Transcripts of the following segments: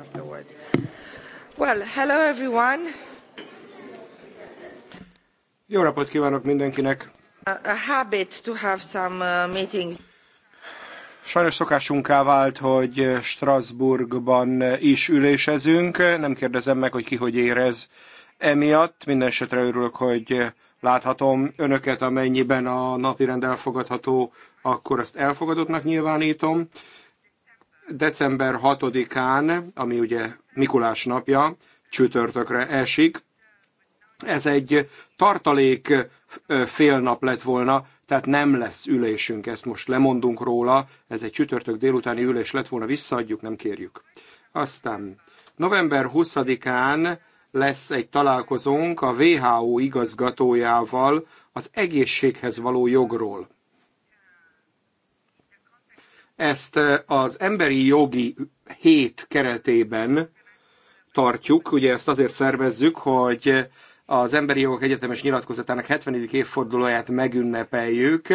afterwards. Well, hello everyone. Jó napot kívánok mindenkinek. A, a habit to have some uh, meetings. Sajnos szokásunká vált, hogy Strasbourgban is ülésezünk. Nem kérdezem meg, hogy ki hogy érez emiatt. Minden esetre örülök, hogy láthatom önöket, amennyiben a napirend elfogadható, akkor azt elfogadottnak nyilvánítom december 6-án, ami ugye Mikulás napja, csütörtökre esik, ez egy tartalék fél nap lett volna, tehát nem lesz ülésünk, ezt most lemondunk róla, ez egy csütörtök délutáni ülés lett volna, visszaadjuk, nem kérjük. Aztán november 20-án lesz egy találkozónk a WHO igazgatójával az egészséghez való jogról. Ezt az emberi jogi hét keretében tartjuk, ugye ezt azért szervezzük, hogy az Emberi Jogok Egyetemes Nyilatkozatának 70. évfordulóját megünnepeljük,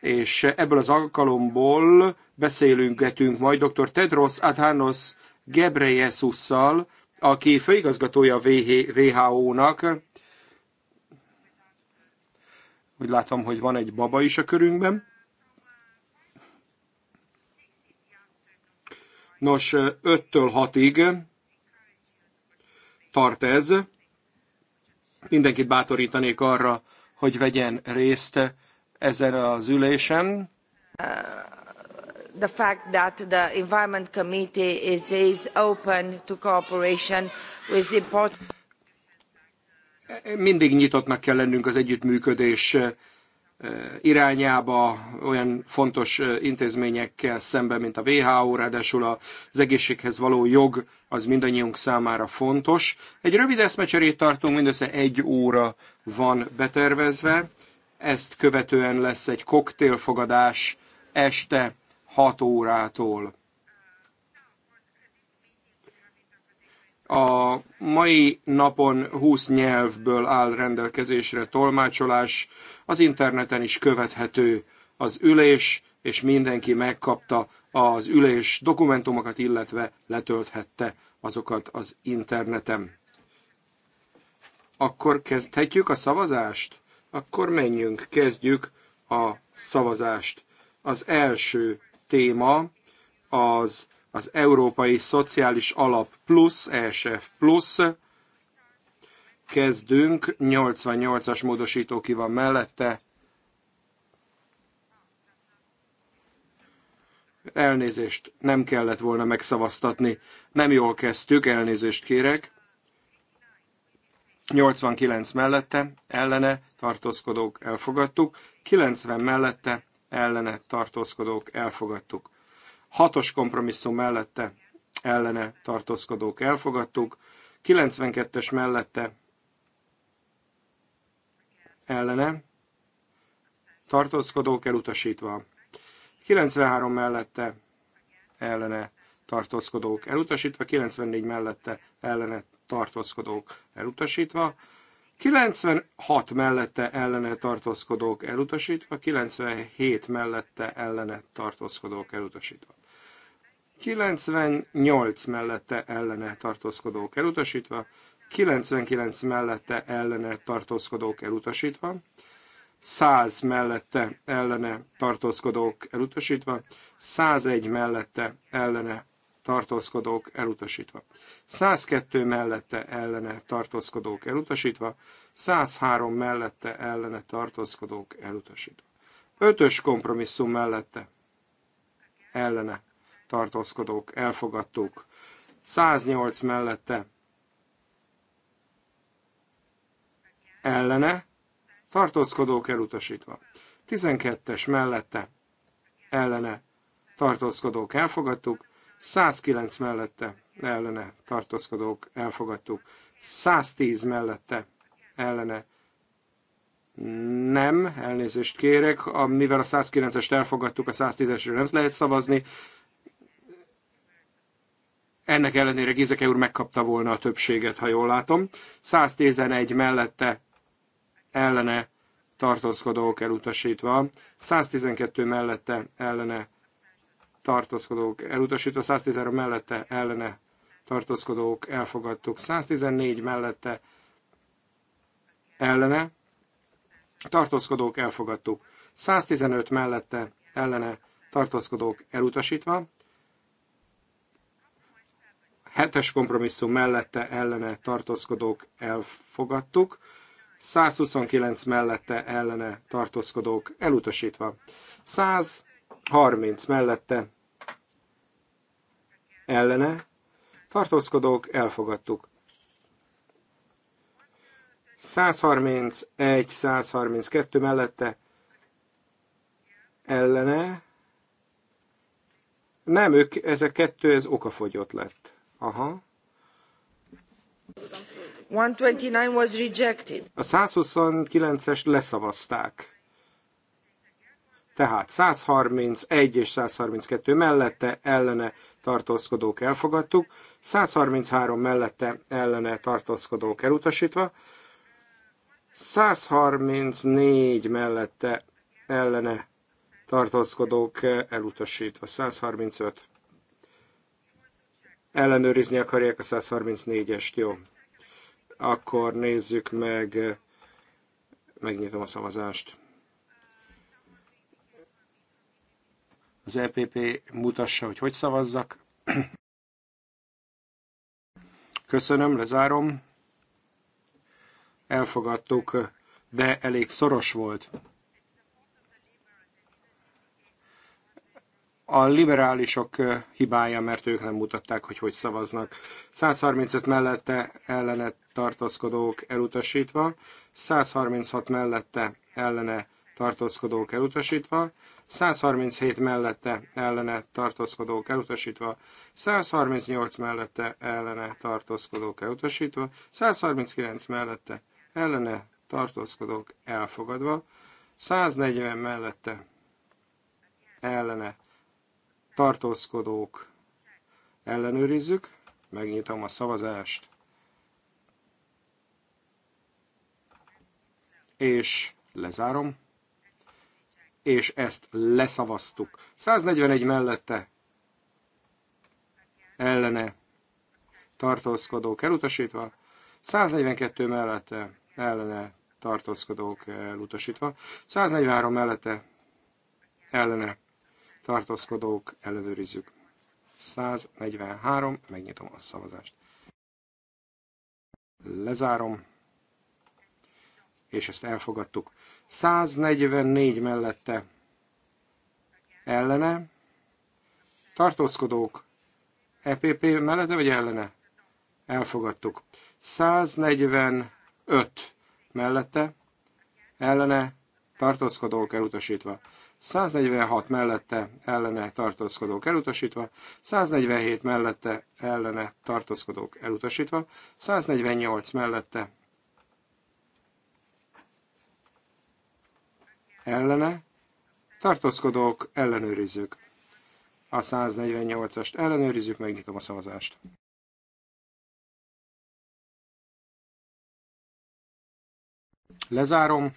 és ebből az alkalomból beszélünketünk majd dr. Tedros Adhanos Gebreyesusszal, aki főigazgatója a WHO-nak. Úgy látom, hogy van egy baba is a körünkben. Nos, 5-től 6-ig tart ez. Mindenkit bátorítanék arra, hogy vegyen részt ezen az ülésen. The fact that the Environment Committee is, is open to cooperation with important... Mindig nyitottnak kell lennünk az együttműködés irányába olyan fontos intézményekkel szemben, mint a WHO, ráadásul az egészséghez való jog az mindannyiunk számára fontos. Egy rövid eszmecserét tartunk, mindössze egy óra van betervezve, ezt követően lesz egy koktélfogadás este 6 órától. A mai napon 20 nyelvből áll rendelkezésre tolmácsolás, az interneten is követhető az ülés, és mindenki megkapta az ülés dokumentumokat, illetve letölthette azokat az interneten. Akkor kezdhetjük a szavazást? Akkor menjünk, kezdjük a szavazást. Az első téma az az Európai Szociális Alap Plus, ESF Plus, kezdünk. 88-as módosító ki van mellette. Elnézést, nem kellett volna megszavaztatni. Nem jól kezdtük, elnézést kérek. 89 mellette, ellene tartózkodók elfogadtuk, 90 mellette, ellene tartózkodók elfogadtuk. 6-os kompromisszum mellette, ellene tartózkodók elfogadtuk, 92-es mellette, ellene, tartózkodók elutasítva. 93 mellette ellene tartózkodók elutasítva, 94 mellette ellene tartózkodók elutasítva, 96 mellette ellene tartózkodók elutasítva, 97 mellette ellene tartózkodók elutasítva. 98 mellette ellene tartózkodók elutasítva, 99 mellette ellene tartózkodók elutasítva, 100 mellette ellene tartózkodók elutasítva, 101 mellette ellene tartózkodók elutasítva, 102 mellette ellene tartózkodók elutasítva, 103 mellette ellene tartózkodók elutasítva. 5-ös kompromisszum mellette ellene tartózkodók elfogadtuk, 108 mellette ellene, tartózkodók elutasítva. 12-es mellette, ellene, tartózkodók elfogadtuk, 109 mellette, ellene, tartózkodók elfogadtuk, 110 mellette, ellene, nem, elnézést kérek, a, mivel a 109-est elfogadtuk, a 110-esre nem lehet szavazni, ennek ellenére Gizeke úr megkapta volna a többséget, ha jól látom. 111 mellette ellene tartózkodók elutasítva, 112 mellette ellene tartózkodók elutasítva, 113 mellette ellene tartózkodók elfogadtuk, 114 mellette ellene tartózkodók elfogadtuk, 115 mellette ellene tartózkodók elutasítva, 7-es kompromisszum mellette ellene tartózkodók elfogadtuk, 129 mellette ellene tartózkodók elutasítva. 130 mellette ellene tartózkodók elfogadtuk. 131, 132 mellette ellene. Nem, ők, ez a kettő, ez okafogyott lett. Aha. 129 was rejected. A 129-es leszavazták. Tehát 131 és 132 mellette ellene tartózkodók elfogadtuk, 133 mellette ellene tartózkodók elutasítva, 134 mellette ellene tartózkodók elutasítva, 135 ellenőrizni akarják a 134-est, jó. Akkor nézzük meg, megnyitom a szavazást. Az EPP mutassa, hogy hogy szavazzak. Köszönöm, lezárom. Elfogadtuk, de elég szoros volt. a liberálisok hibája, mert ők nem mutatták, hogy hogy szavaznak. 135 mellette ellene tartózkodók elutasítva, 136 mellette ellene tartózkodók elutasítva, 137 mellette ellene tartózkodók elutasítva, 138 mellette ellene tartózkodók elutasítva, 139 mellette ellene tartózkodók elfogadva, 140 mellette ellene tartózkodók ellenőrizzük. Megnyitom a szavazást. És lezárom. És ezt leszavaztuk. 141 mellette ellene tartózkodók elutasítva, 142 mellette ellene tartózkodók elutasítva, 143 mellette ellene tartózkodók, ellenőrizzük. 143, megnyitom a szavazást. Lezárom, és ezt elfogadtuk. 144 mellette ellene, tartózkodók, EPP mellette vagy ellene? Elfogadtuk. 145 mellette, ellene, tartózkodók elutasítva. 146 mellette ellene tartózkodók elutasítva, 147 mellette ellene tartózkodók elutasítva, 148 mellette ellene tartózkodók ellenőrizzük. A 148-ast ellenőrizzük, megnyitom a szavazást. Lezárom.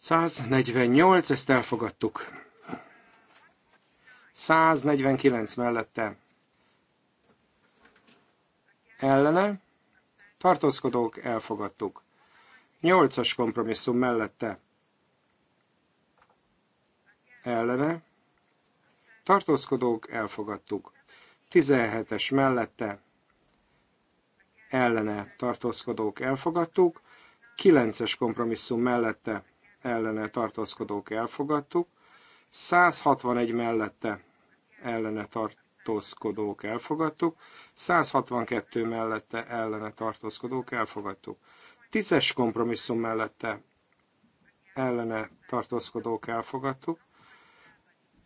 148, ezt elfogadtuk. 149 mellette ellene, tartózkodók elfogadtuk. 8-as kompromisszum mellette ellene, tartózkodók elfogadtuk. 17-es mellette ellene tartózkodók elfogadtuk, 9-es kompromisszum mellette ellene tartózkodók elfogadtuk, 161 mellette ellene tartózkodók elfogadtuk, 162 mellette ellene tartózkodók elfogadtuk. Tízes kompromisszum mellette ellene tartózkodók elfogadtuk,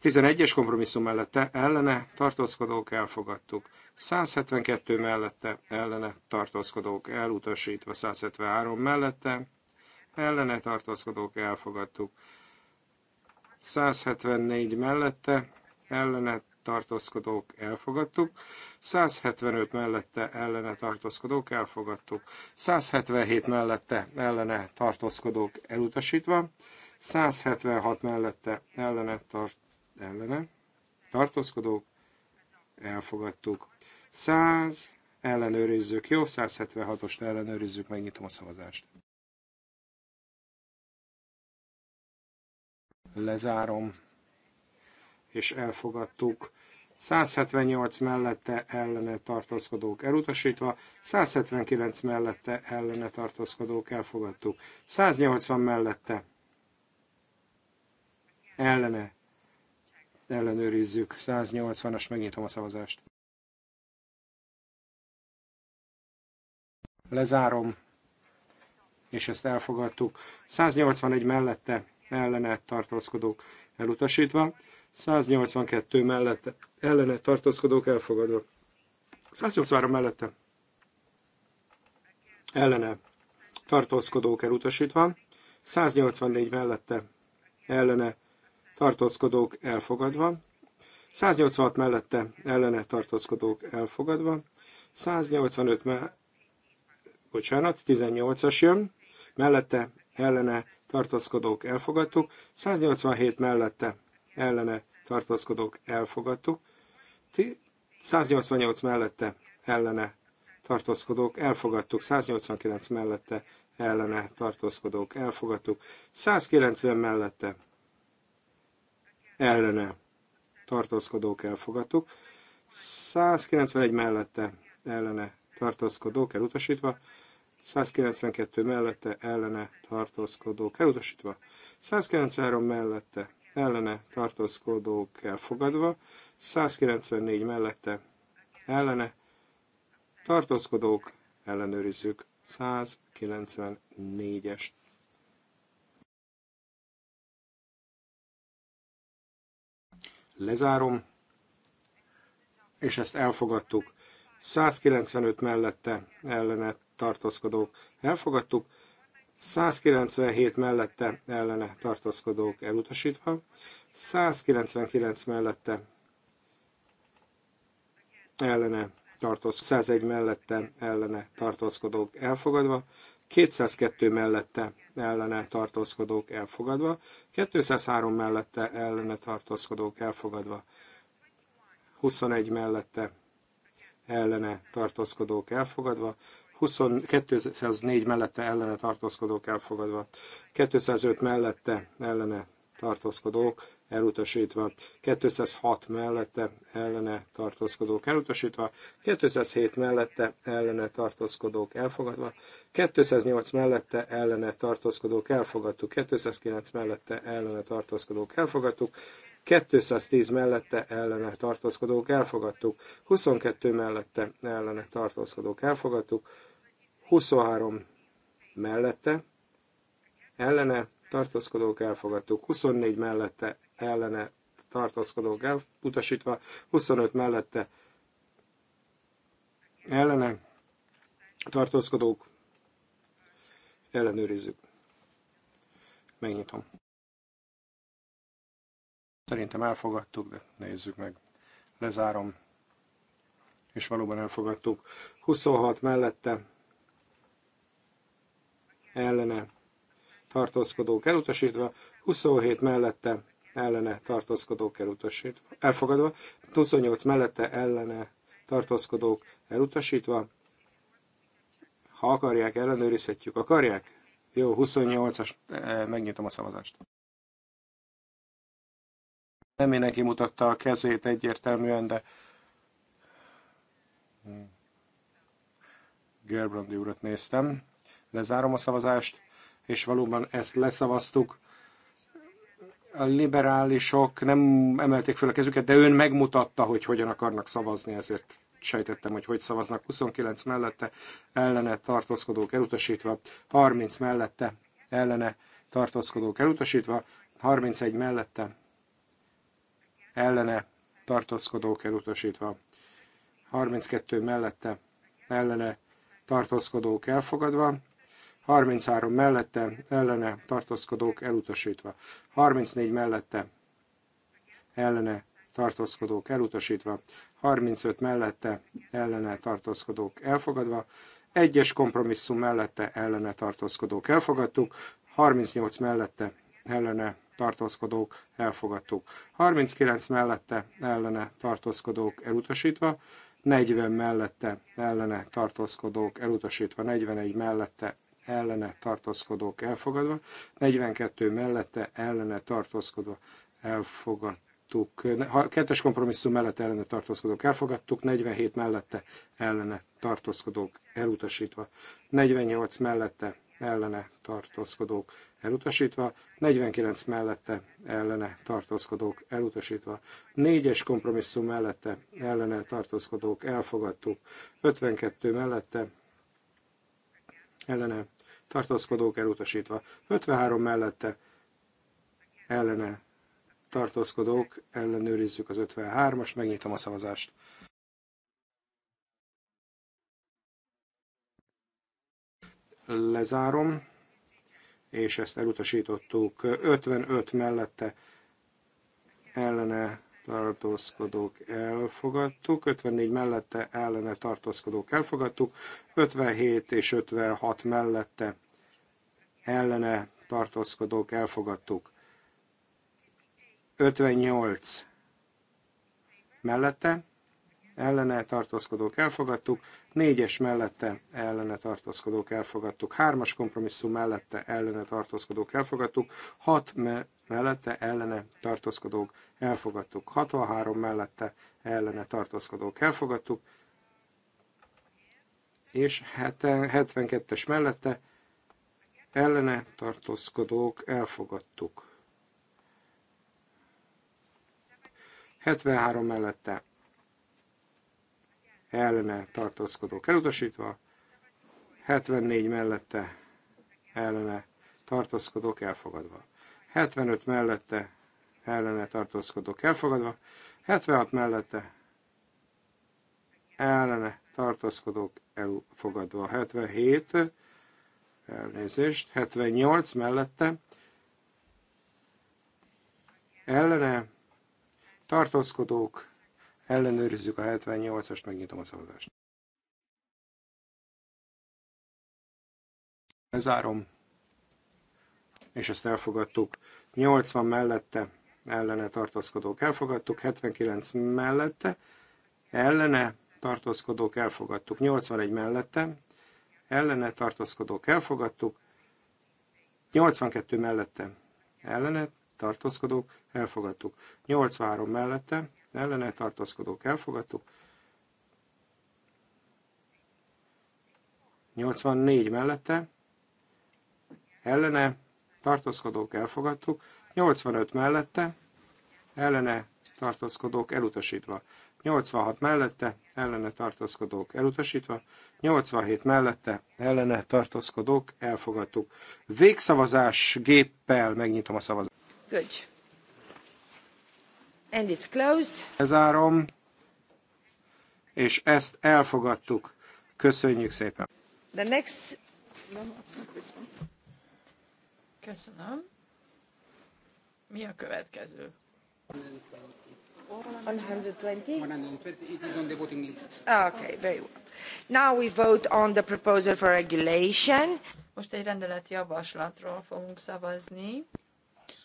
11-es kompromisszum mellette ellene tartózkodók elfogadtuk, 172 mellette ellene tartózkodók elutasítva, 173 mellette ellene tartózkodók elfogadtuk. 174 mellette ellene tartózkodók elfogadtuk, 175 mellette ellene tartózkodók elfogadtuk, 177 mellette ellene tartózkodók elutasítva, 176 mellette ellene, tart, ellene tartózkodók elfogadtuk. 100 ellenőrizzük, jó, 176-ost ellenőrizzük, megnyitom a szavazást. lezárom, és elfogadtuk. 178 mellette ellene tartózkodók elutasítva, 179 mellette ellene tartózkodók elfogadtuk, 180 mellette ellene ellenőrizzük, 180-as megnyitom a szavazást. Lezárom, és ezt elfogadtuk. 181 mellette ellene tartózkodók elutasítva, 182 mellette ellene tartózkodók elfogadva, 183 mellette ellene tartózkodók elutasítva, 184 mellette ellene tartózkodók elfogadva, 186 mellette ellene tartózkodók elfogadva, 185 me- bocsánat, 18-as jön, mellette ellene tartózkodók elfogadtuk, 187 mellette ellene tartózkodók elfogadtuk, 188 mellette ellene tartózkodók elfogadtuk, 189 mellette ellene tartózkodók elfogadtuk, 190 mellette ellene tartózkodók elfogadtuk, 191 mellette ellene tartózkodók elutasítva, 192 mellette ellene tartózkodók elutasítva, 193 mellette ellene tartózkodók elfogadva, 194 mellette ellene tartózkodók ellenőrizzük 194 es Lezárom, és ezt elfogadtuk. 195 mellette ellene tartózkodók elfogadtuk, 197 mellette ellene tartózkodók elutasítva, 199 mellette ellene tartózkodók, 101 mellette ellene tartózkodók elfogadva, 202 mellette ellene tartózkodók elfogadva, 203 mellette ellene tartózkodók elfogadva, 21 mellette ellene tartózkodók elfogadva, 2204 mellette ellene tartózkodók elfogadva, 205 mellette ellene tartózkodók elutasítva, 206 mellette ellene tartózkodók elutasítva, 207 mellette ellene tartózkodók elfogadva, 208 mellette ellene tartózkodók elfogadtuk, 209 mellette ellene tartózkodók elfogadtuk, 210 mellette ellene tartózkodók elfogadtuk, 22 mellette ellene tartózkodók elfogadtuk, 23 mellette, ellene tartózkodók elfogadtuk, 24 mellette, ellene tartózkodók elutasítva, 25 mellette, ellene tartózkodók ellenőrizzük. Megnyitom. Szerintem elfogadtuk, de nézzük meg. Lezárom. És valóban elfogadtuk. 26 mellette ellene tartózkodók elutasítva, 27 mellette ellene tartózkodók elutasítva, elfogadva, 28 mellette ellene tartózkodók elutasítva. Ha akarják, ellenőrizhetjük. Akarják? Jó, 28-as, eh, megnyitom a szavazást. Nem mindenki mutatta a kezét egyértelműen, de hmm. Gerbrandi urat néztem. Lezárom a szavazást, és valóban ezt leszavaztuk. A liberálisok nem emelték fel a kezüket, de ön megmutatta, hogy hogyan akarnak szavazni, ezért sejtettem, hogy hogy szavaznak. 29 mellette ellene tartózkodók elutasítva, 30 mellette ellene tartózkodók elutasítva, 31 mellette ellene tartózkodók elutasítva, 32 mellette ellene tartózkodók elfogadva, 33 mellette, ellene tartózkodók elutasítva. 34 mellette, ellene tartózkodók elutasítva. 35 mellette, ellene tartózkodók elfogadva. Egyes kompromisszum mellette, ellene tartózkodók elfogadtuk. 38 mellette, ellene tartózkodók elfogadtuk. 39 mellette, ellene tartózkodók elutasítva. 40 mellette ellene tartózkodók, elutasítva 41 mellette ellene tartózkodók elfogadva, 42 mellette ellene tartózkodva elfogadtuk, kettes kompromisszum mellett ellene tartózkodók elfogadtuk, 47 mellette ellene tartózkodók elutasítva, 48 mellette ellene tartózkodók elutasítva, 49 mellette ellene tartózkodók elutasítva, 4-es kompromisszum mellette ellene tartózkodók elfogadtuk, 52 mellette ellene tartózkodók elutasítva. 53 mellette ellene tartózkodók, ellenőrizzük az 53-as, megnyitom a szavazást. Lezárom, és ezt elutasítottuk. 55 mellette ellene tartózkodók elfogadtuk, 54 mellette ellene tartózkodók elfogadtuk, 57 és 56 mellette ellene tartózkodók elfogadtuk. 58 mellette ellene tartózkodók elfogadtuk, négyes mellette ellene tartózkodók elfogadtuk, hármas kompromisszum mellette ellene tartózkodók elfogadtuk, hat me- mellette ellene tartózkodók elfogadtuk, 63 mellette ellene tartózkodók elfogadtuk, és 72-es mellette ellene tartózkodók elfogadtuk. 73 mellette ellene tartózkodók elutasítva, 74 mellette ellene tartózkodók elfogadva, 75 mellette ellene tartózkodók elfogadva, 76 mellette ellene tartózkodók elfogadva, 77 elnézést, 78 mellette ellene tartózkodók Ellenőrizzük a 78-ast, megnyitom a szavazást. Lezárom, és ezt elfogadtuk. 80 mellette ellene tartózkodók elfogadtuk, 79 mellette ellene tartózkodók elfogadtuk, 81 mellette ellene tartózkodók elfogadtuk, 82 mellette ellene tartózkodók elfogadtuk, 83 mellette ellene tartózkodók elfogadtuk. 84 mellette ellene tartózkodók elfogadtuk, 85 mellette ellene tartózkodók elutasítva, 86 mellette ellene tartózkodók elutasítva, 87 mellette ellene tartózkodók elfogadtuk. Végszavazás géppel megnyitom a szavazást. Good. And it's closed. Lezárom, és ezt elfogadtuk. Köszönjük szépen. The next... No, one. Köszönöm. Mi a következő? 120? it is on the voting list. Ah, okay, very well. Now we vote on the proposal for regulation. Most egy rendelet javaslatról fogunk szavazni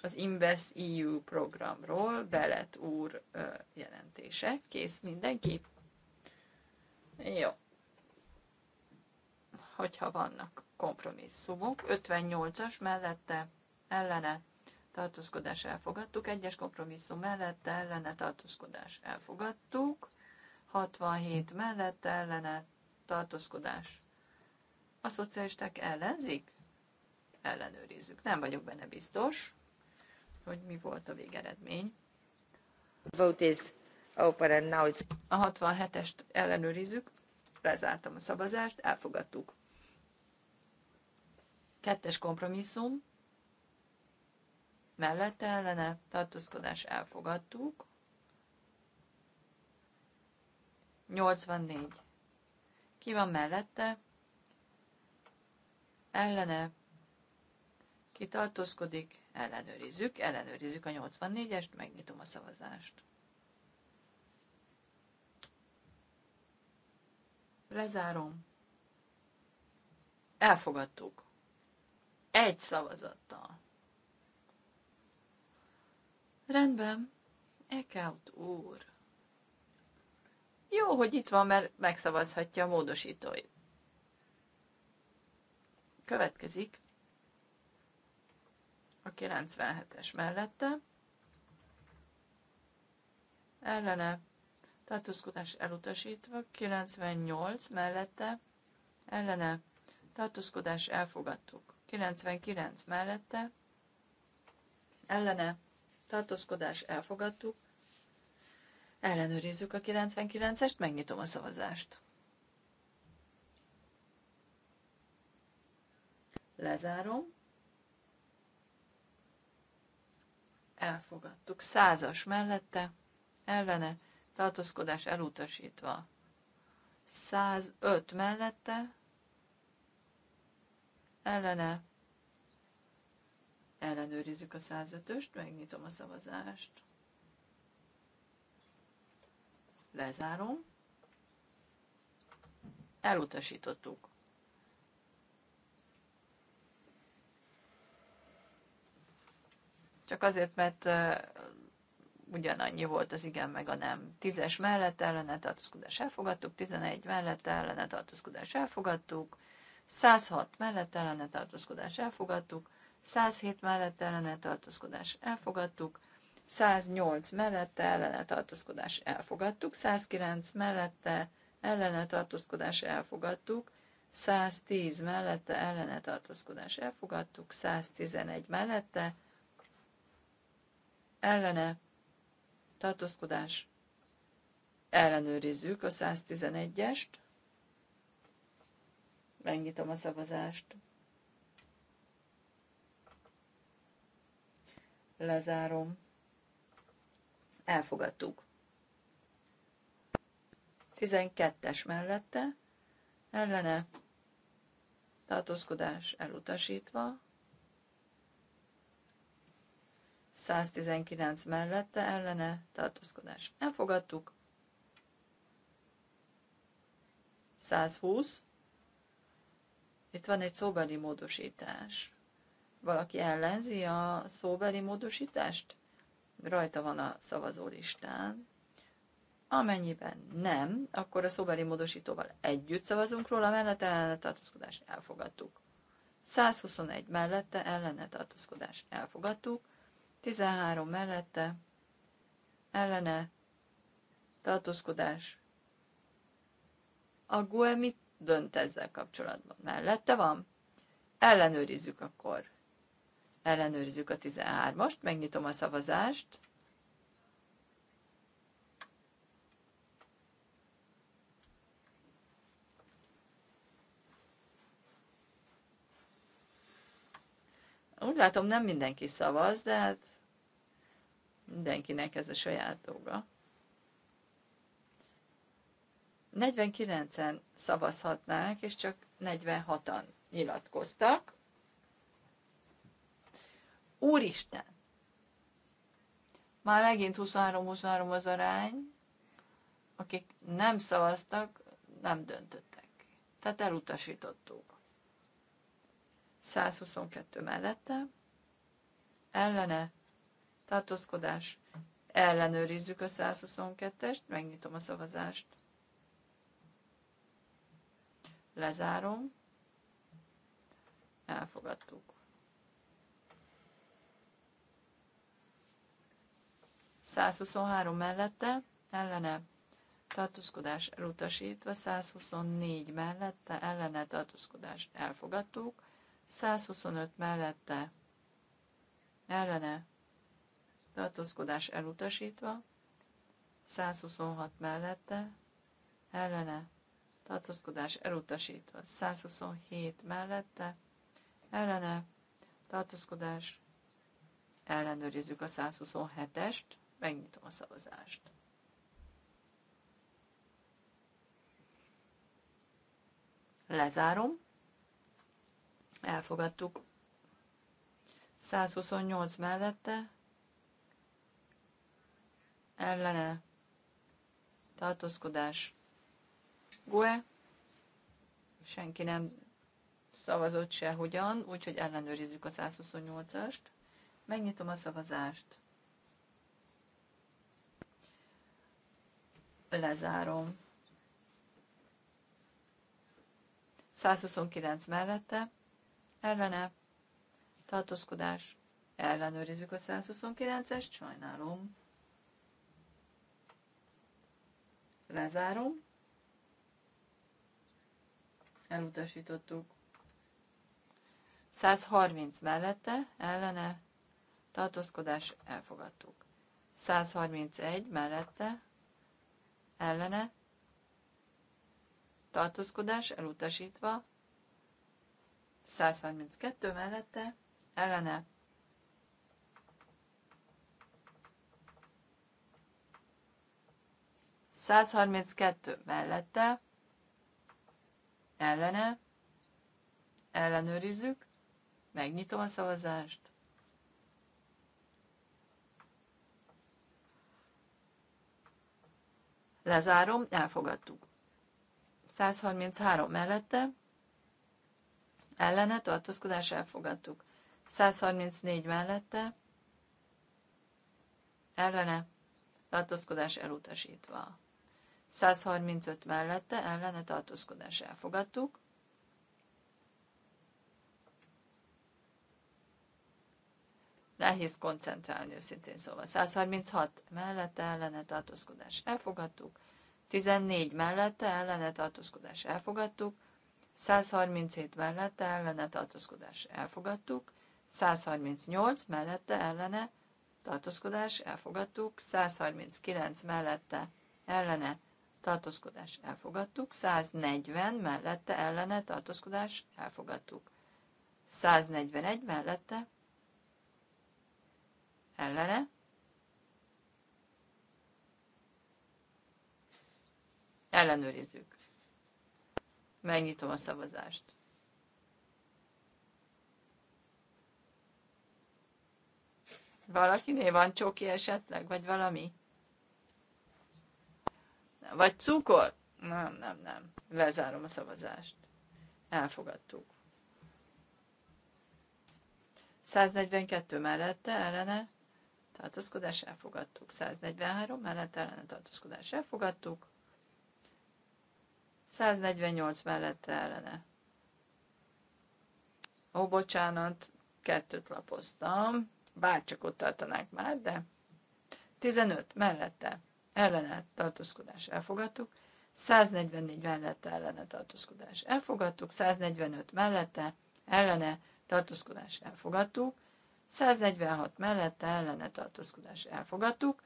az Invest EU programról, Belet úr jelentése. Kész mindenki? Jó. Hogyha vannak kompromisszumok, 58-as mellette ellene tartózkodás elfogadtuk, egyes kompromisszum mellette ellene tartózkodás elfogadtuk, 67 mellette ellene tartózkodás. A szocialisták ellenzik? Ellenőrizzük. Nem vagyok benne biztos hogy mi volt a végeredmény. Vote is open and now it's... A 67-est ellenőrizzük, lezártam a szavazást, elfogadtuk. Kettes kompromisszum, mellette ellene tartózkodás elfogadtuk. 84. Ki van mellette? Ellene. Ki tartózkodik? ellenőrizzük, ellenőrizzük a 84-est, megnyitom a szavazást. Lezárom. Elfogadtuk. Egy szavazattal. Rendben. Ekaut úr. Jó, hogy itt van, mert megszavazhatja a módosítói. Következik a 97-es mellette, ellene tartózkodás elutasítva, 98 mellette, ellene tartózkodás elfogadtuk, 99 mellette, ellene tartózkodás elfogadtuk, ellenőrizzük a 99-est, megnyitom a szavazást. Lezárom. elfogadtuk. Százas mellette, ellene, tartózkodás elutasítva. 105 mellette, ellene, ellenőrizzük a 105-öst, megnyitom a szavazást. Lezárom. Elutasítottuk. csak azért, mert ugyanannyi volt az igen meg a nem. Tízes mellett ellene tartózkodás elfogadtuk, 11 mellett ellene tartózkodás elfogadtuk, 106 mellett ellene tartózkodás elfogadtuk, 107 mellett ellene tartózkodás elfogadtuk, 108 mellette ellene tartózkodás elfogadtuk, 109 mellette ellene tartózkodás elfogadtuk, 110 mellette ellene tartózkodás elfogadtuk, 111 mellette ellene tartózkodás ellenőrizzük a 111-est. Megnyitom a szavazást. Lezárom. Elfogadtuk. 12-es mellette ellene tartózkodás elutasítva, 119 mellette ellene tartózkodás. Elfogadtuk. 120. Itt van egy szóbeli módosítás. Valaki ellenzi a szóbeli módosítást? Rajta van a szavazólistán. Amennyiben nem, akkor a szóbeli módosítóval együtt szavazunk róla, mellette ellene tartózkodás elfogadtuk. 121 mellette ellene tartózkodás elfogadtuk. 13 mellette, ellene, tartózkodás. A GUE mit dönt ezzel kapcsolatban? Mellette van? Ellenőrizzük akkor. Ellenőrizzük a 13-ast, megnyitom a szavazást. Úgy látom, nem mindenki szavaz, de hát mindenkinek ez a saját dolga. 49-en szavazhatnák, és csak 46-an nyilatkoztak. Úristen! Már megint 23-23 az arány, akik nem szavaztak, nem döntöttek. Tehát elutasítottuk. 122 mellette, ellene, tartózkodás, ellenőrizzük a 122-est, megnyitom a szavazást, lezárom, elfogadtuk. 123 mellette, ellene, tartózkodás elutasítva, 124 mellette, ellene, tartózkodás elfogadtuk, 125 mellette ellene tartózkodás elutasítva, 126 mellette ellene tartózkodás elutasítva, 127 mellette ellene tartózkodás ellenőrizzük a 127-est, megnyitom a szavazást. Lezárom elfogadtuk. 128 mellette, ellene, tartózkodás, GUE, senki nem szavazott se hogyan, úgyhogy ellenőrizzük a 128-ast. Megnyitom a szavazást. Lezárom. 129 mellette, ellene tartózkodás, ellenőrizzük a 129-est, sajnálom. Lezárom. Elutasítottuk. 130 mellette, ellene, tartózkodás, elfogadtuk. 131 mellette, ellene, tartózkodás, elutasítva, 132 mellette ellene Százharminckettő mellette, ellene, ellenőrizzük, megnyitom a szavazást. Lezárom, elfogadtuk. 133 mellette, ellene tartózkodás elfogadtuk. 134 mellette ellene tartózkodás elutasítva. 135 mellette ellene tartózkodás elfogadtuk. Nehéz koncentrálni őszintén szóval. 136 mellette ellene tartózkodás elfogadtuk. 14 mellette ellene tartózkodás elfogadtuk. 137 mellette ellene tartózkodás elfogadtuk, 138 mellette ellene tartózkodás elfogadtuk, 139 mellette ellene tartózkodás elfogadtuk, 140 mellette ellene tartózkodás elfogadtuk, 141 mellette ellene ellenőrizzük. Megnyitom a szavazást. Valakinél van csoki esetleg, vagy valami? Vagy cukor? Nem, nem, nem. Lezárom a szavazást. Elfogadtuk. 142 mellette, ellene tartózkodás elfogadtuk. 143 mellette ellene tartózkodás elfogadtuk. 148 mellette ellene. Ó, bocsánat, kettőt lapoztam. Bárcsak ott tartanák már, de 15 mellette ellene tartózkodás elfogadtuk, 144 mellette ellene tartózkodás elfogadtuk, 145 mellette ellene tartózkodás elfogadtuk, 146 mellette ellene tartózkodás elfogadtuk,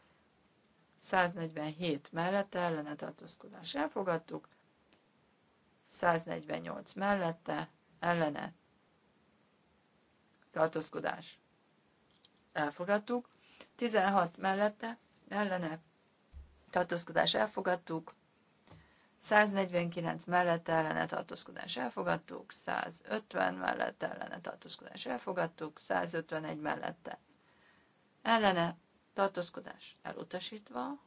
147 mellette ellene tartózkodás elfogadtuk, 148 mellette, ellene, tartózkodás. Elfogadtuk. 16 mellette, ellene, tartózkodás elfogadtuk. 149 mellett ellene tartózkodás elfogadtuk, 150 mellett ellene tartózkodás elfogadtuk, 151 mellette ellene tartózkodás elutasítva,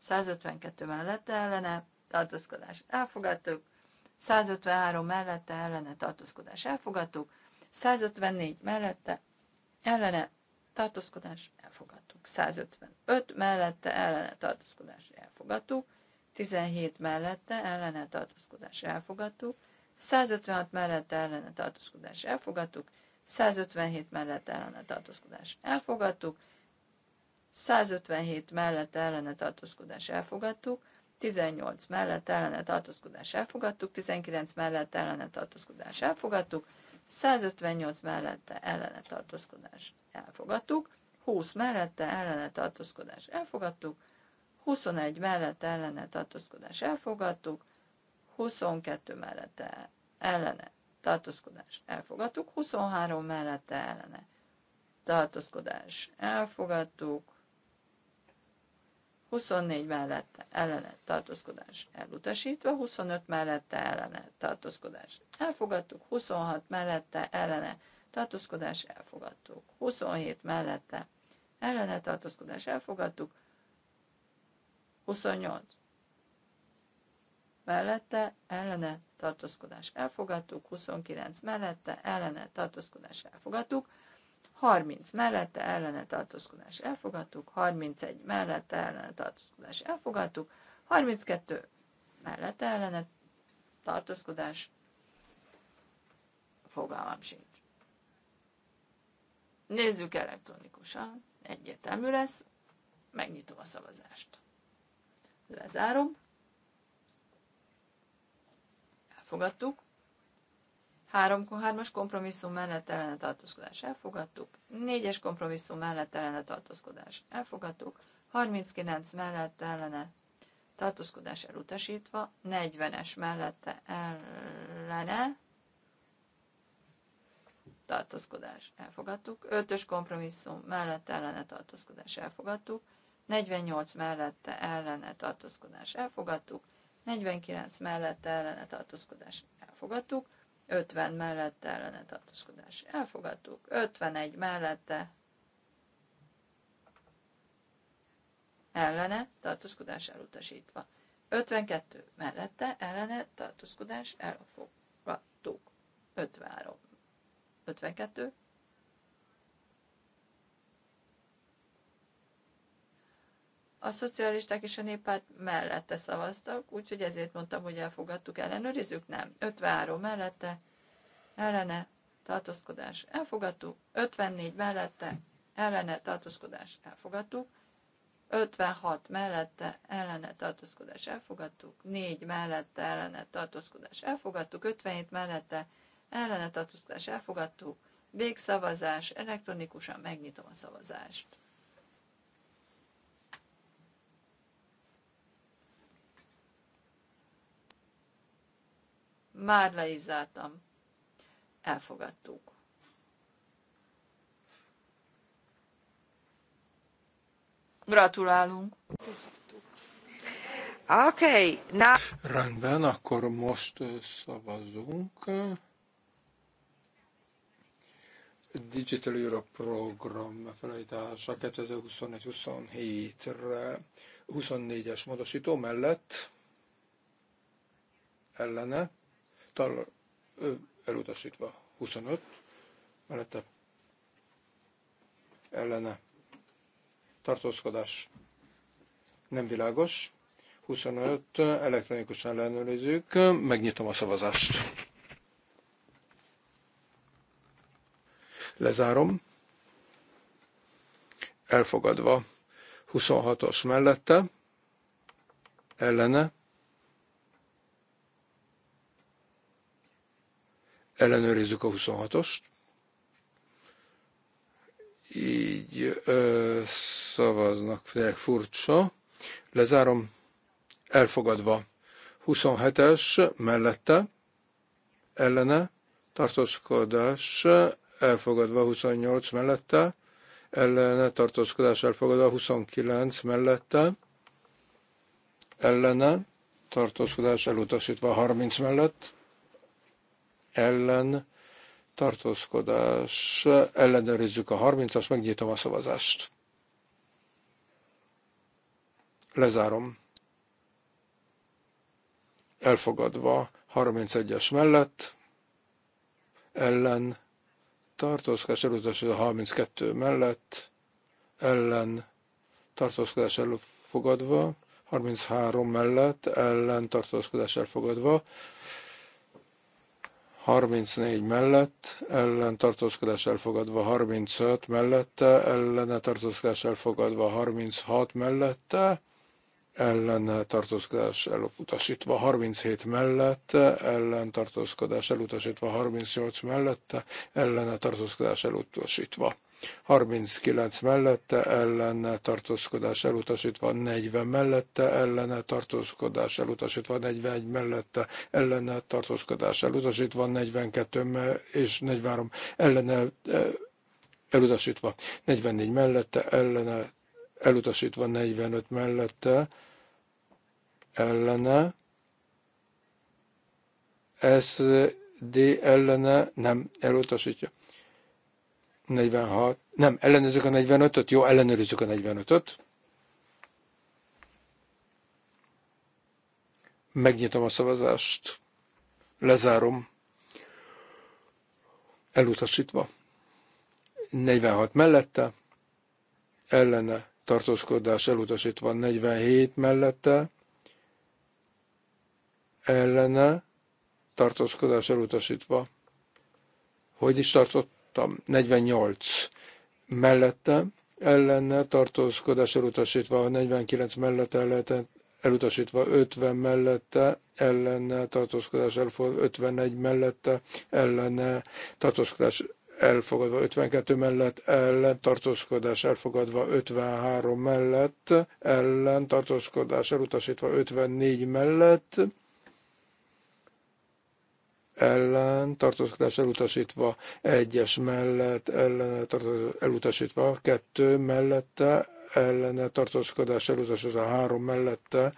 152 mellette ellene tartózkodás elfogadtuk, 153 mellette ellene tartózkodás elfogadtuk, 154 mellette ellene tartózkodás elfogadtuk, 155 mellette ellene tartózkodás elfogadtuk, 17 mellette ellene tartózkodás elfogadtuk, 156 mellette ellene tartózkodás elfogadtuk, 157 mellette ellene tartózkodás elfogadtuk, 157 mellette ellene tartózkodás elfogadtuk, 18 mellett ellene tartózkodás elfogadtuk, 19 mellett ellene tartózkodás elfogadtuk, 158 mellette ellene tartózkodás elfogadtuk, 20 mellette ellene tartózkodás elfogadtuk, 21 mellette ellene tartózkodás elfogadtuk, 22 mellette ellene tartózkodás elfogadtuk, 23 mellette ellene tartózkodás elfogadtuk, 24 mellette ellene tartózkodás elutasítva, 25 mellette ellene tartózkodás elfogadtuk, 26 mellette ellene tartózkodás elfogadtuk, 27 mellette ellene tartózkodás elfogadtuk, 28 mellette ellene tartózkodás elfogadtuk, 29 mellette ellene tartózkodás elfogadtuk, 30 mellette ellene tartózkodás elfogadtuk, 31 mellette ellene tartózkodás elfogadtuk, 32 mellette ellene tartózkodás fogalmam sincs. Nézzük elektronikusan, egyértelmű lesz, megnyitom a szavazást. Lezárom. Elfogadtuk. 3-3-as kompromisszum mellett ellene tartózkodás elfogadtuk, 4-es kompromisszum mellett ellene tartózkodás elfogadtuk, 39 mellett ellene tartózkodás elutasítva, 40-es mellette ellene tartózkodás elfogadtuk, 5-ös kompromisszum mellett ellene tartózkodás elfogadtuk, 48 mellette ellene tartózkodás elfogadtuk, 49 mellette ellene tartózkodás elfogadtuk, 50 mellette ellene tartózkodás elfogadtuk, 51 mellette ellene tartózkodás elutasítva, 52 mellette ellene tartózkodás elfogadtuk, 53, 52 a szocialisták és a néppárt mellette szavaztak, úgyhogy ezért mondtam, hogy elfogadtuk, ellenőrizzük, nem. 53 mellette, ellene, tartózkodás, elfogadtuk. 54 mellette, ellene, tartózkodás, elfogadtuk. 56 mellette, ellene, tartózkodás, elfogadtuk. 4 mellette, ellene, tartózkodás, elfogadtuk. 57 mellette, ellene, tartózkodás, elfogadtuk. Végszavazás, elektronikusan megnyitom a szavazást. Már le is zártam. Elfogadtuk. Gratulálunk! Okay, na. Rendben, akkor most szavazunk. Digital Europe program felállítása 2021-27-re 24-es módosító mellett ellene tal, elutasítva 25, mellette ellene tartózkodás nem világos. 25 elektronikusan ellenőrizzük, megnyitom a szavazást. Lezárom. Elfogadva 26-os mellette, ellene ellenőrizzük a 26-ost. Így ö, szavaznak, tényleg furcsa. Lezárom, elfogadva. 27-es mellette, ellene, tartózkodás, elfogadva 28 mellette, ellene, tartózkodás elfogadva 29 mellette, ellene, tartózkodás elutasítva 30 mellett, ellen tartózkodás, ellenőrizzük a 30-as, megnyitom a szavazást. Lezárom. Elfogadva 31-es mellett, ellen tartózkodás elutasítása 32 mellett, ellen tartózkodás elfogadva, 33 mellett, ellen tartózkodás elfogadva, 34 mellett ellen tartózkodás elfogadva, 35 mellette ellene tartózkodás elfogadva, 36 mellette ellen tartózkodás elutasítva, 37 mellette, ellen tartózkodás elutasítva, 38 mellette, ellen tartózkodás elutasítva. 39 mellette ellene tartózkodás elutasítva, 40 mellette ellene tartózkodás elutasítva, 41 mellette ellene tartózkodás elutasítva, 42 és 43 ellene eh, elutasítva, 44 mellette ellene elutasítva, 45 mellette ellene, SD ellene nem elutasítja. 46, nem, ellenőrzök a 45-öt, jó, ellenőrizzük a 45-öt. Megnyitom a szavazást, lezárom, elutasítva. 46 mellette, ellene tartózkodás elutasítva 47 mellette, ellene tartózkodás elutasítva. Hogy is tartott elfogadtam. 48 mellette ellenne tartózkodás elutasítva, 49 mellette ellenne elutasítva 50 mellette, ellenne tartózkodás elfogadva 51 mellette, ellenne tartózkodás elfogadva 52 mellett, ellen tartózkodás elfogadva 53 mellett, ellen tartózkodás elutasítva 54 mellett, ellen tartózkodás elutasítva, egyes mellett ellen elutasítva, kettő mellette ellene tartózkodás elutasítva, három mellette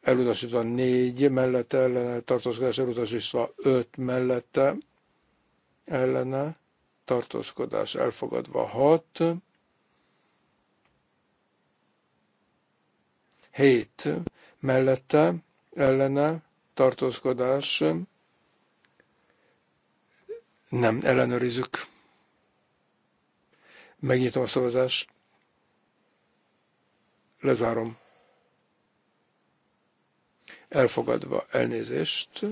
elutasítva, négy mellette ellene tartózkodás elutasítva, öt mellette ellene tartózkodás elfogadva, hat, hét mellette ellene tartózkodás, nem ellenőrizzük. Megnyitom a szavazást. Lezárom. Elfogadva elnézést.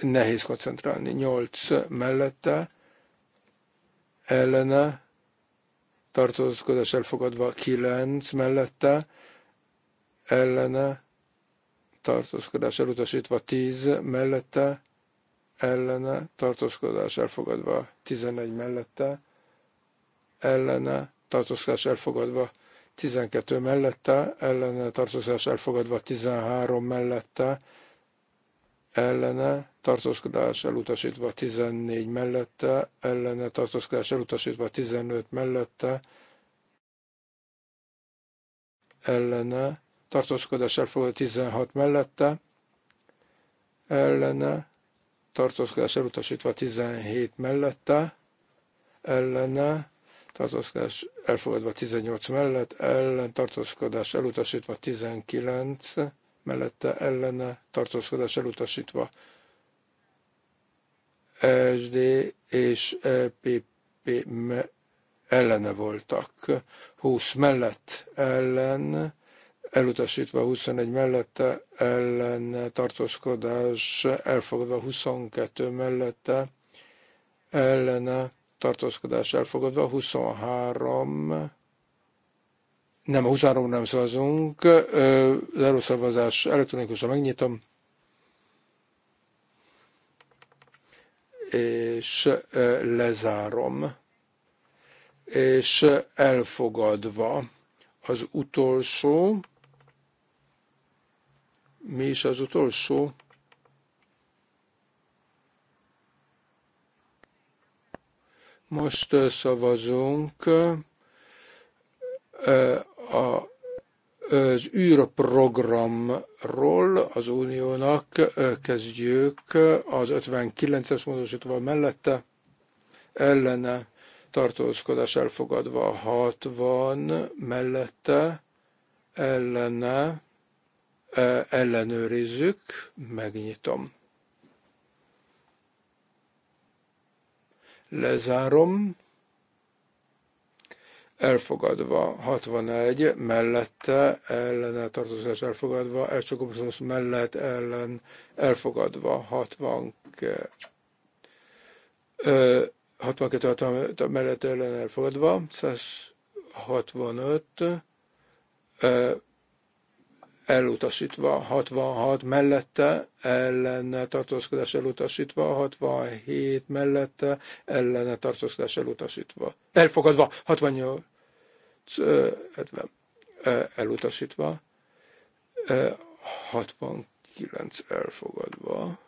Nehéz koncentrálni. Nyolc mellette. Ellene. Tartózkodás elfogadva. Kilenc mellette. Ellene tartózkodás elutasítva 10 mellette, ellene tartózkodás elfogadva 11 mellette, ellene tartózkodás elfogadva 12 mellette, ellene tartózkodás elfogadva 13 mellette, ellene tartózkodás elutasítva 14 mellette, ellene tartózkodás elutasítva 15 mellette, ellene tartózkodás elfogadó 16 mellette, ellene, tartózkodás elutasítva 17 e mellette, ellene, tartózkodás elfogadva 18 mellett, ellen tartózkodás elutasítva 19 mellette, ellene, tartózkodás elutasítva SD és EPP ellene voltak. 20 mellett ellen elutasítva 21 mellette, ellen tartózkodás elfogadva 22 mellette, ellene tartózkodás elfogadva 23, nem, a 23 nem szavazunk, zárószavazás elektronikusan megnyitom, és lezárom, és elfogadva az utolsó, mi is az utolsó. Most szavazunk a az űrprogramról az Uniónak kezdjük az 59-es módosítva mellette, ellene tartózkodás elfogadva 60 mellette, ellene ellenőrizzük, megnyitom. Lezárom. Elfogadva 61, mellette ellene tartozás elfogadva, elcsokomoszonos mellett ellen elfogadva 60. 62. 62 mellett ellen elfogadva, 165 elutasítva 66 mellette, ellene tartózkodás elutasítva 67 mellette, ellene tartózkodás elutasítva. Elfogadva 68 70 elutasítva, 69 elfogadva,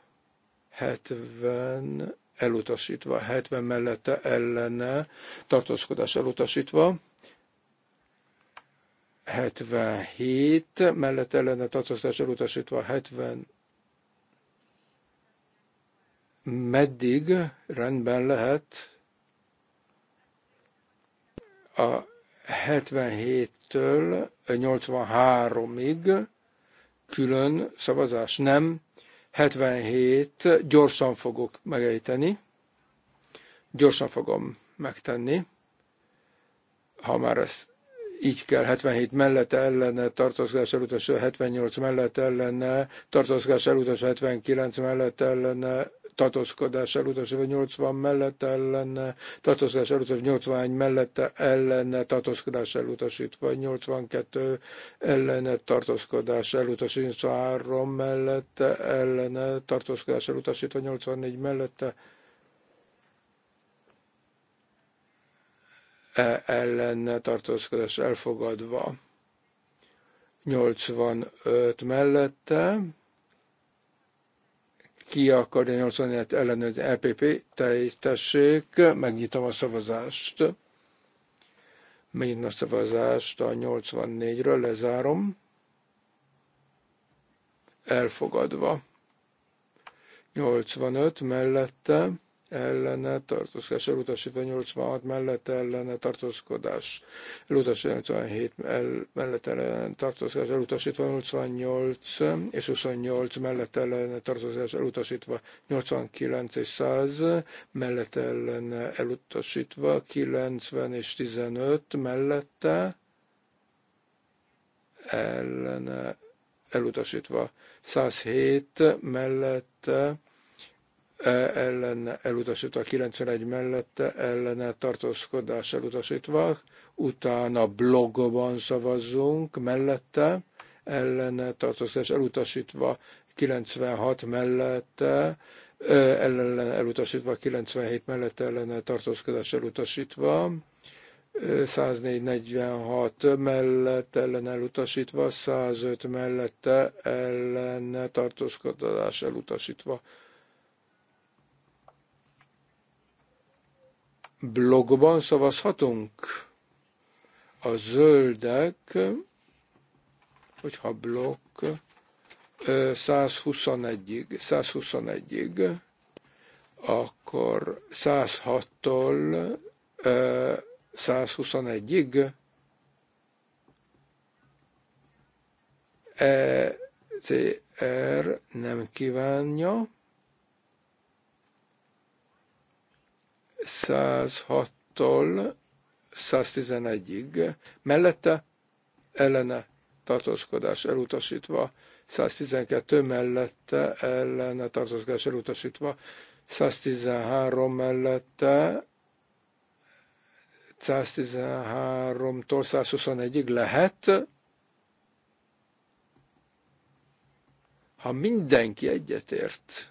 70 elutasítva, 70 mellette ellene tartózkodás elutasítva, 77 mellett ellene tartózkodás elutasítva 70 meddig rendben lehet a 77-től 83-ig külön szavazás nem, 77 gyorsan fogok megejteni, gyorsan fogom megtenni, ha már ezt így kell 77 mellett ellene tartózkodás elutasítva, 78 mellett ellene tartózkodás elutasítva, 79 mellett ellene tartózkodás elutasítva 80 mellette ellene, tartózkodás elutasítva 81 mellette ellene, tartózkodás elutasítva 82 ellene, tartózkodás elutasítva 83 mellette ellene, tartózkodás elutasítva 84 mellette E ellene tartózkodás elfogadva. 85 mellette. Ki akarja 87 ellenőrizni? LPP, e tessék, megnyitom a szavazást. Megnyitom a szavazást a 84-ről, lezárom. Elfogadva. 85 mellette ellene tartózkodás elutasítva 86 mellett ellene tartózkodás elutasítva 87 el, mellett ellene tartózkodás elutasítva 88 és 28 mellett ellene tartózkodás elutasítva 89 és 100 mellett ellene elutasítva 90 és 15 mellette ellene elutasítva 107 mellette E, ellen elutasítva, 91 mellette ellene tartózkodás elutasítva, utána blogban szavazzunk, mellette ellene tartózkodás elutasítva, 96 mellette, e, ellen elutasítva, 97 mellette ellene tartózkodás elutasítva, 146 e, mellett ellen elutasítva, 105 mellette ellen tartózkodás elutasítva. blogban szavazhatunk? A zöldek, hogyha blokk, 121-ig, 121-ig, akkor 106-tól 121-ig ECR nem kívánja, 106-tól 111-ig, mellette ellene tartózkodás elutasítva, 112 mellette ellene tartózkodás elutasítva, 113 mellette 113-tól 121-ig lehet, ha mindenki egyetért.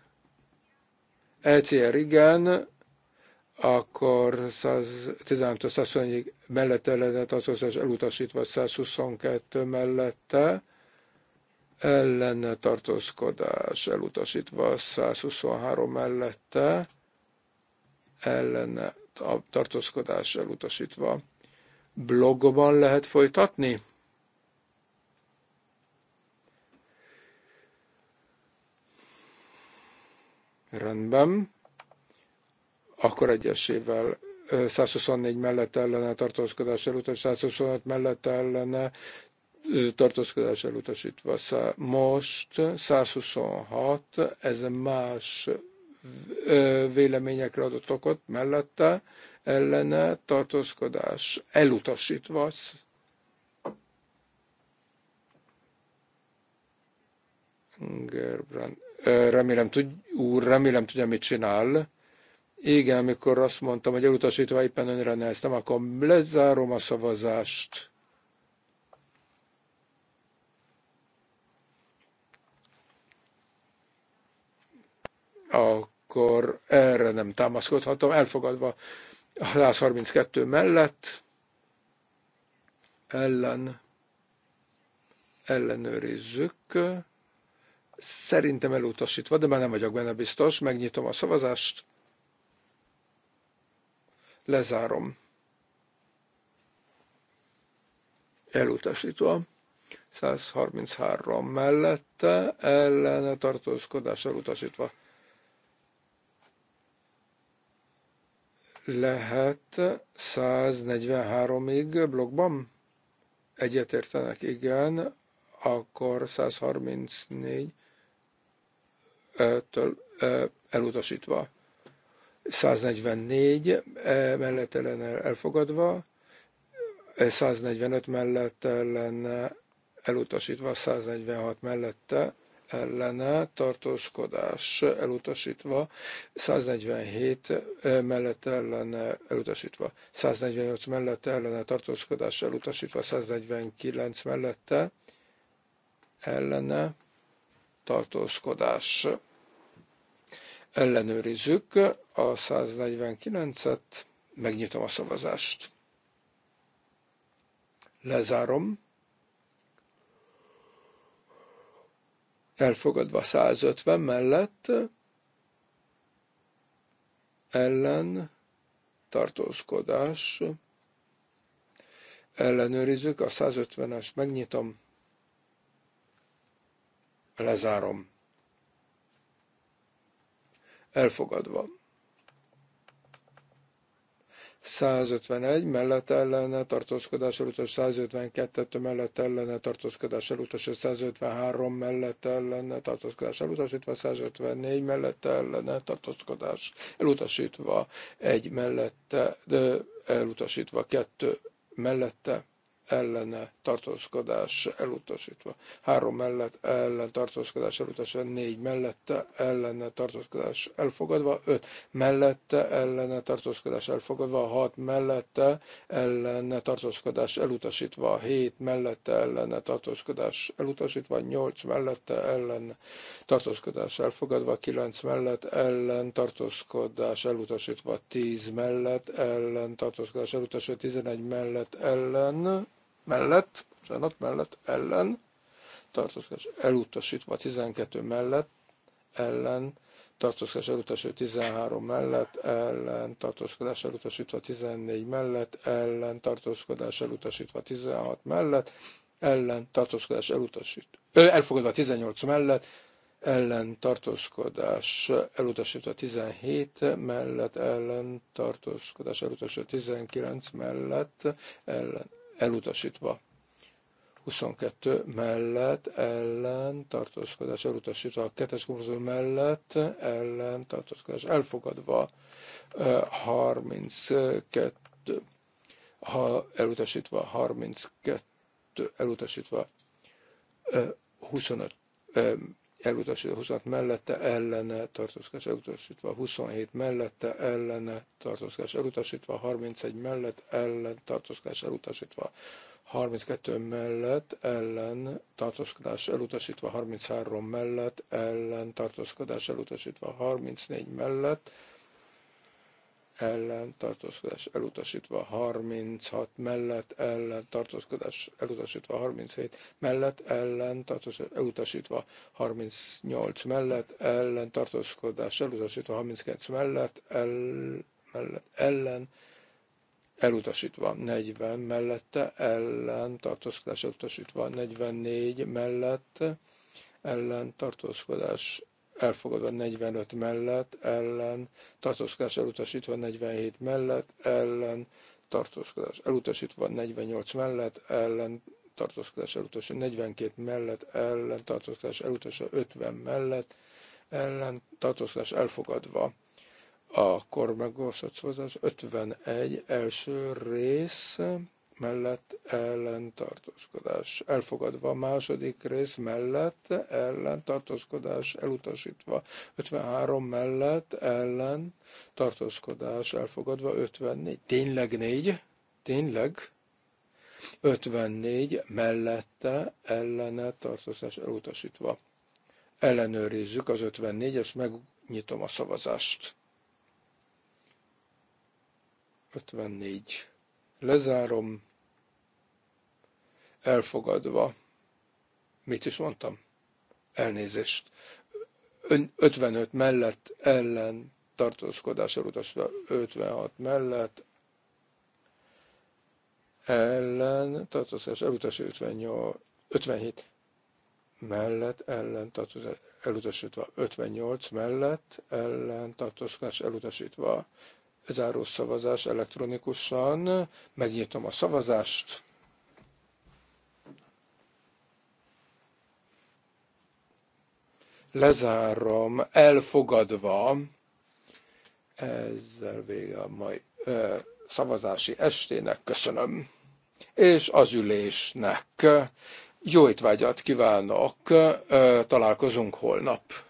ECR igen, akkor 116-121 mellette ellenet tartózkodás elutasítva, 122 mellette ellene tartózkodás elutasítva, 123 mellette ellene tartózkodás elutasítva. Blogban lehet folytatni? Rendben akkor egyesével 124 mellett ellene tartózkodás elutasítva, 126 mellett ellene tartózkodás elutasítva. Most 126, ez más véleményekre adott okot mellette ellene tartózkodás elutasítva. Gerbrand. Remélem, tud, úr, remélem tudja, mit csinál. Igen, amikor azt mondtam, hogy elutasítva éppen önre néztem, akkor lezárom a szavazást. Akkor erre nem támaszkodhatom, elfogadva 132 mellett ellen ellenőrizzük. Szerintem elutasítva, de már nem vagyok benne biztos. Megnyitom a szavazást. Lezárom. Elutasítva. 133 mellette ellene tartózkodás elutasítva. Lehet 143-ig blogban? Egyetértenek, igen. Akkor 134-től elutasítva. 144 e, mellett ellen elfogadva, 145 e, mellett ellen elutasítva, 146 mellette ellene tartózkodás elutasítva, 147 e, mellett ellene elutasítva, 148 mellette ellene tartózkodás elutasítva, 149 mellette ellene tartózkodás ellenőrizzük, a 149-et, megnyitom a szavazást. Lezárom. Elfogadva 150 mellett ellen tartózkodás. Ellenőrizzük a 150-es, megnyitom, lezárom. Elfogadva. 151 mellett ellene tartózkodással utas 152 mellett ellene tartózkodással utas 153 mellett ellene tartózkodással elutasítva 154 mellett ellene tartózkodás elutasítva 1 mellette de elutasítva 2 mellette ellene tartózkodás elutasítva, három mellett ellen tartózkodás elutasítva, négy mellette ellene tartózkodás elfogadva, öt mellette ellene tartózkodás elfogadva, hat mellette ellene tartózkodás elutasítva, hét mellette ellene tartózkodás elutasítva, nyolc mellette ellen tartózkodás elfogadva, kilenc mellett ellen tartózkodás elutasítva, tíz mellett ellen tartózkodás elutasítva, tizenegy mellett ellen mellett, bocsánat, mellett, ellen, tartózkodás elutasítva 12 mellett, ellen, tartózkodás elutasítva 13 mellett, ellen, tartózkodás elutasítva 14 mellett, ellen, tartózkodás elutasítva 16 mellett, ellen, tartózkodás elutasítva, elfogadva 18 mellett, ellen tartózkodás elutasítva 17 mellett, ellen tartózkodás elutasítva 19 mellett, ellen elutasítva. 22 mellett ellen tartózkodás elutasítva, a kettes kompromisszum mellett ellen tartózkodás elfogadva, 32 ha elutasítva, 32 elutasítva, 25 elutasítva 20 mellette ellene tartózkodás elutasítva 27 mellette ellene tartózkodás elutasítva 31 mellett ellen tartózkodás elutasítva 32 mellett ellen tartózkodás elutasítva 33 mellett ellen tartózkodás elutasítva 34 mellett ellen tartózkodás elutasítva 36 mellett ellen tartózkodás elutasítva 37 mellett ellen tartózkodás elutasítva 38 mellett ellen tartózkodás elutasítva 39 mellett, el, mellett ellen elutasítva 40 mellette ellen tartózkodás elutasítva 44 mellett ellen tartózkodás elfogadva 45 mellett, ellen tartózkodás elutasítva 47 mellett, ellen tartózkodás elutasítva 48 mellett, ellen tartózkodás elutasítva 42 mellett, ellen tartózkodás elutasítva 50 mellett, ellen tartózkodás elfogadva. a megosztott szavazás 51 első rész mellett ellentartózkodás elfogadva, második rész mellett ellentartózkodás elutasítva, 53 mellett ellentartózkodás elfogadva, 54, tényleg 4, tényleg 54 mellette ellene tartozás elutasítva. Ellenőrizzük az 54-es, megnyitom a szavazást. 54. Lezárom elfogadva. Mit is mondtam? Elnézést. 55 mellett ellen tartózkodásra elutasítva, 56 mellett ellen tartózkodás elutasítva, 58, 57 mellett ellen tartózkodás elutasítva, 58 mellett ellen tartózkodás elutasítva, záró szavazás elektronikusan. Megnyitom a szavazást. lezárom elfogadva ezzel vége a mai ö, szavazási estének. Köszönöm. És az ülésnek. Jó étvágyat kívánok, ö, találkozunk holnap.